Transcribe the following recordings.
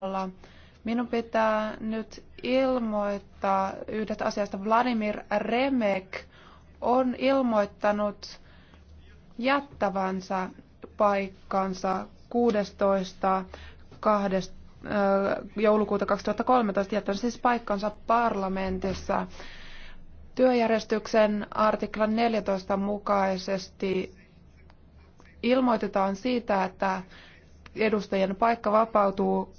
Olla. Minun pitää nyt ilmoittaa yhdestä asiasta. Vladimir Remek on ilmoittanut jättävänsä paikkansa 16. 2. joulukuuta 2013 jättänyt siis paikkansa parlamentissa. Työjärjestyksen artiklan 14 mukaisesti ilmoitetaan siitä, että edustajien paikka vapautuu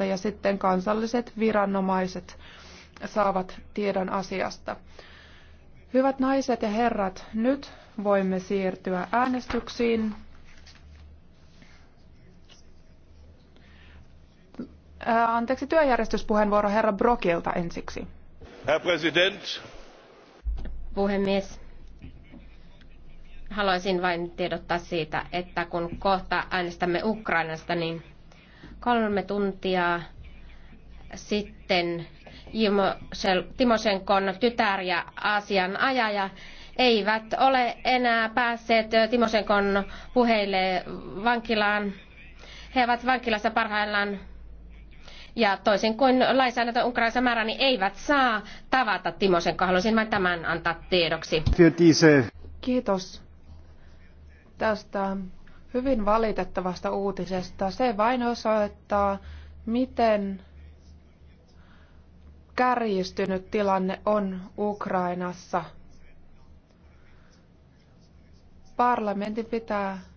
17.12.2013 ja sitten kansalliset viranomaiset saavat tiedon asiasta. Hyvät naiset ja herrat, nyt voimme siirtyä äänestyksiin. Äh, anteeksi, työjärjestyspuheenvuoro herra Brokilta ensiksi. Herr Präsident. Puhemies haluaisin vain tiedottaa siitä, että kun kohta äänestämme Ukrainasta, niin kolme tuntia sitten Timosenkon tytär ja asianajaja eivät ole enää päässeet Timosenkon puheille vankilaan. He ovat vankilassa parhaillaan ja toisin kuin lainsäädäntö Ukrainassa määrä, niin eivät saa tavata Timosenko. Haluaisin vain tämän antaa tiedoksi. Kiitos tästä hyvin valitettavasta uutisesta. Se vain osoittaa, miten kärjistynyt tilanne on Ukrainassa. Parlamentin pitää